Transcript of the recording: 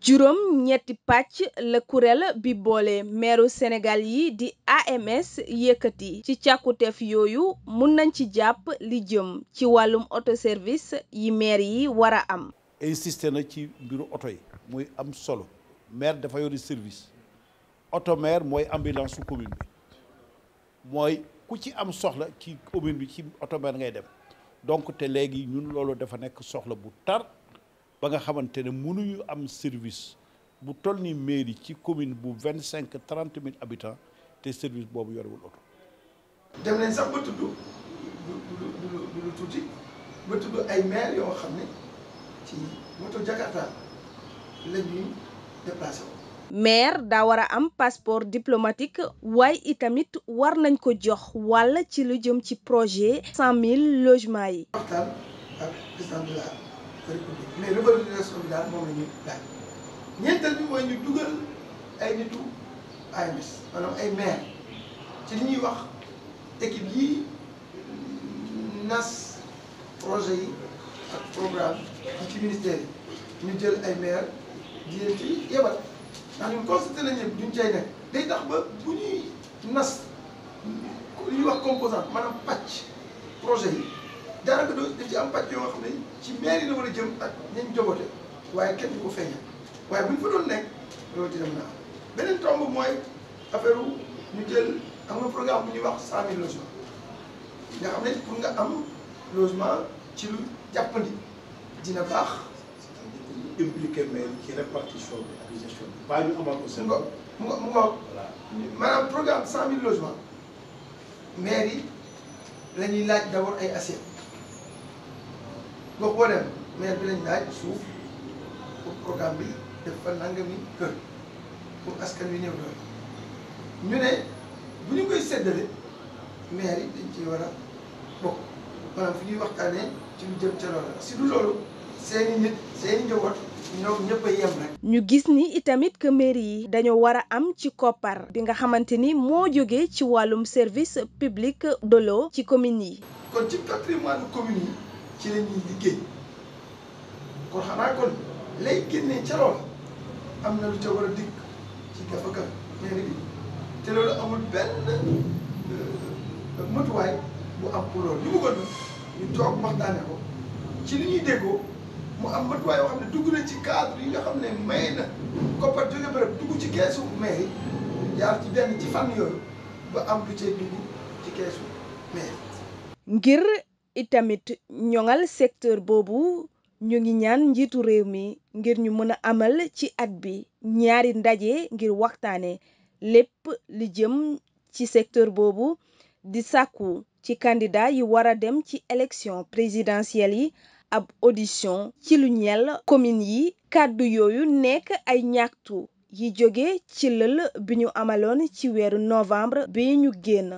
juróom ñetti pàcc la kuréel bi boole meeru Sénégal yi di AMS yëkkati ci càkkuteef yooyu mun nañ ci jàpp li jëm ci wàllum autoservice yi maire yi war a am insisté na ci mbiru oto yi muy am solo maire dafa yori service oto maire mooy ambulance commune bi mooy ku ci am soxla ci commune bi ci oto maire ngay dem donc te léegi ñun loolu dafa nekk soxla bu tar ba nga xamante ne mënuñu am service bu toll ni mairie ci commune bu vingt cinq trente mille habitants te service boobu yorewul oto. dem nañ sax ba tudd du du du du tuuti ba tudd ay maire yoo xam ne ci moto Jakarta la ñuy déplacé maire daa war a am passeport diplomatique waaye itamit war nañ ko jox walla ci lu jëm ci projet cent mille logements yi. waxtaan ak président de la république bi daal moom la ñuy laaj ñeenteel bi ñu dugal ay nitu AMS maanaam ay maire ci ñuy wax équipe yi nas projet yi ak programme yi ci ministère yi ñu jël ay maire di ci yebal. ndax ñun constaté nañ ne duñ cay nekk day tax ba bu ñuy nas li ñuy wax composante maanaam pàcc projet yi daanaka doo daf ci am pàcc yoo xam ne ci mairie la jëm ak nañ jogote waaye kenn du ko feeñal waaye buñ fa doon nekk loolu dina mën a am beneen tomb mooy affaire ñu jël am na programme bu ñuy wax cent mille logements xam ne pour nga am logement ci lu jàppandi dina baax. impliqué maire ci répartition bi ak gestion bi baa ñu amal ko seen. mu ngo mu ngo maanaam programme cent mille logements maire yi la ñuy laaj d' ay assiettes gox boo bi lañ laaj suuf pour programme bi def fa nangami kër pour askan wi néew doole ñu ne bu ñu koy séddale maire yi dañ ciy war a bokk maanaam fi ñuy waxtaanee ci lu jëm ca loolu si du loolu seeni nit seeni njaboot ñu gis ni itamit que yi dañoo war a am ci koppar bi nga xamante ni moo jóge ci wàllum service public de ci communes yi. kon ci patrimoine commune yi ci la ñuy liggéey kon xanaa kon lay génnee ca lool am na lu ca war a dikk ci gafaga mairie te loolu amul benn euh, euh, mëtuwaay bu am pour loolu ñu bëggoon ñu toog waxtaane ko ci li ñuy déggoo. mu am matuwaay yoo xam ne dugg na ci cadre yi xam ne may na koppar dugg ci keesu mairie ngir itamit ñoŋal secteur boobu ñu ngi ñaan njiitu réew mi ngir ñu mën a amal ci at bi ñaari ndaje ngir waxtaane lépp li jëm ci secteur boobu di sàkku ci candidat yi wara dem ci élection présidentielle yi ab audition ci lu ñeel commune yi kàddu yooyu nekk ay ñaxtu yi jóge ci lël bi ñu amaloon ci weeru novembre bi ñu génn